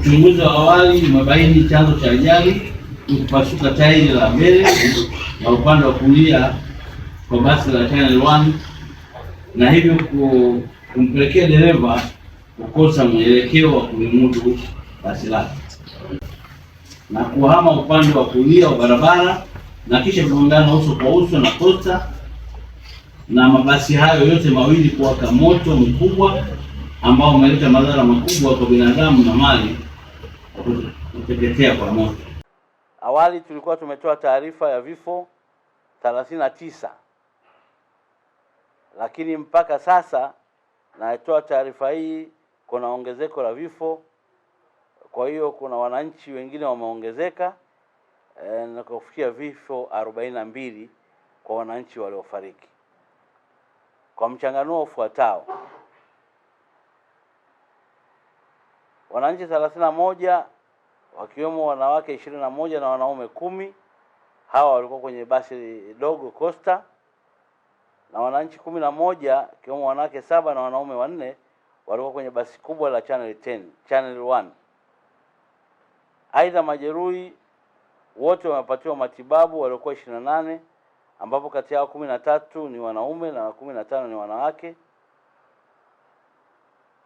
Uchunguzi wa awali umebaini chanzo cha ajali ni kupasuka tairi la mbele na upande wa kulia kwa basi la Channel One na hivyo kumpelekea dereva kukosa mwelekeo wa kulimudu basi lake na kuhama upande wa kulia wa barabara na kisha kugongana uso kwa uso na kosta na mabasi hayo yote mawili kuwaka moto mkubwa ambao umeleta madhara makubwa kwa binadamu na mali kuteketea kwa moto. Awali tulikuwa tumetoa taarifa ya vifo 39 lakini mpaka sasa natoa taarifa hii, kuna ongezeko la vifo. Kwa hiyo kuna wananchi wengine wameongezeka e, na kufikia vifo arobaini na mbili kwa wananchi waliofariki kwa mchanganuo ufuatao. wananchi thelathini na moja wakiwemo wanawake ishirini na moja na wanaume kumi. Hawa walikuwa kwenye basi dogo Costa, na wananchi kumi na moja wakiwemo wanawake saba na wanaume wanne walikuwa kwenye basi kubwa la Channel 10, Channel 1. Aidha, majeruhi wote wamepatiwa matibabu waliokuwa na nane ambapo kati yao kumi na tatu ni wanaume na kumi na tano ni wanawake.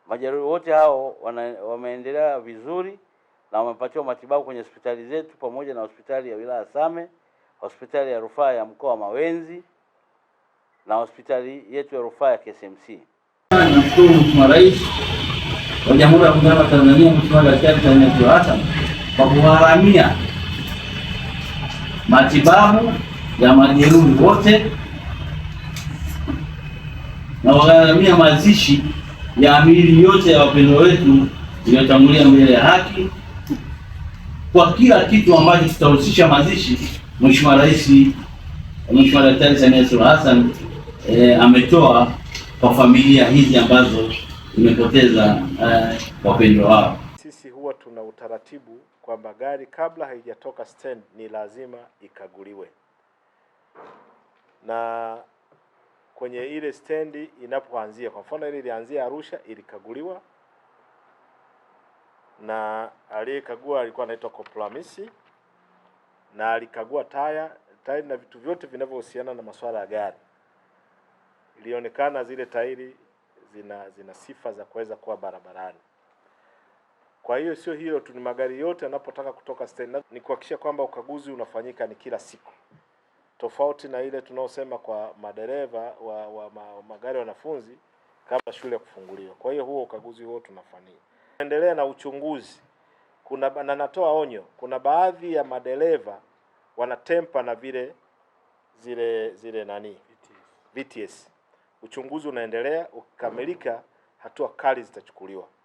Majeruhi wote hao wana, wameendelea vizuri na wamepatiwa matibabu kwenye hospitali zetu pamoja na hospitali ya wilaya Same, hospitali ya rufaa ya mkoa wa Mawenzi na hospitali yetu ya rufaa ya KCMC. Namshukuru Mheshimiwa Rais wa Jamhuri ya Muungano wa Tanzania, Mheshimiwa Daktari Samia Suluhu Hassan kwa kugharamia matibabu ya majeruhi wote na kugharamia mazishi ya miili yote ya wapendwa wetu inayotangulia mbele ya haki kwa kila kitu ambacho tutahusisha mazishi. Mheshimiwa Rais, Mheshimiwa Daktari Samia Suluhu Hassan e, ametoa kwa familia hizi ambazo imepoteza e, wapendwa wao. Sisi huwa tuna utaratibu kwamba gari kabla haijatoka stand ni lazima ikaguliwe na kwenye ile stendi inapoanzia. Kwa mfano ile ilianzia Arusha, ilikaguliwa na aliyekagua alikuwa anaitwa Koplamisi na alikagua taya tairi na vitu vyote vinavyohusiana na masuala ya gari. Ilionekana zile tairi zina zina sifa za kuweza kuwa barabarani. Kwa hiyo sio hilo tu, ni magari yote yanapotaka kutoka stendi, ni kuhakikisha kwamba ukaguzi unafanyika ni kila siku tofauti na ile tunaosema kwa madereva wa, wa, wa magari wanafunzi kabla shule ya kufunguliwa. Kwa hiyo huo ukaguzi huo tunafanyia, endelea na uchunguzi. Kuna na natoa onyo, kuna baadhi ya madereva wanatempa na vile zile zile nani VTS. VTS uchunguzi unaendelea, ukikamilika hatua kali zitachukuliwa.